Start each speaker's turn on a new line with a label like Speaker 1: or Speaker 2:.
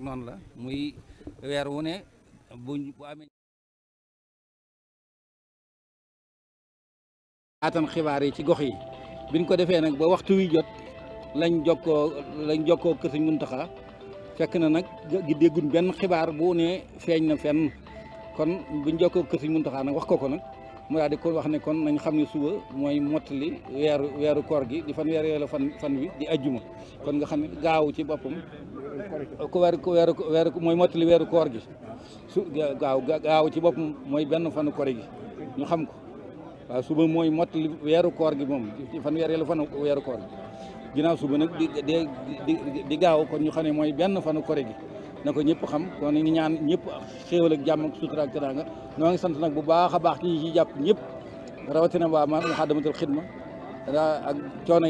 Speaker 1: noonu la muy weer wu ne bu bu amee
Speaker 2: xibaar yi ci gox yi biñ ko defee nag ba waxtu wi jot lañ jokkoo lañ jokkoo kër Sëñ Muntaxa fekk na nag
Speaker 3: gi déggun benn xibaar bu ne feeñ na fenn kon buñ jokkoo kër Sëñ Muntaxa nag wax ko ko nag mu daal ko wax ne kon nañ xam ne suba mooy mottali weeru weeru koor gi di fan weer yooyu fan fan wi di ajjuma kon nga xam ne gaaw ci boppam ko weer weeru weeru mooy mottali weeru koor gi su gaaw gaaw ci boppam mooy benn fanu kore gi ñu xam ko waaw suba mooy mottali weeru koor gi moom ci fan weer yooyu la fan weeru koor gi ginnaaw suba nag di di di gaaw kon ñu xam ne mooy benn fanu koor gi na ko ñëpp xam kon ñu ñaan ñëpp xéewal ak jàmm ak sutura ak teraanga ñoo ngi sant nag bu baax a baax ñi ci jàpp ñëpp rawatina waa ma Moukhaddamatoul Khidma ak coono
Speaker 4: yi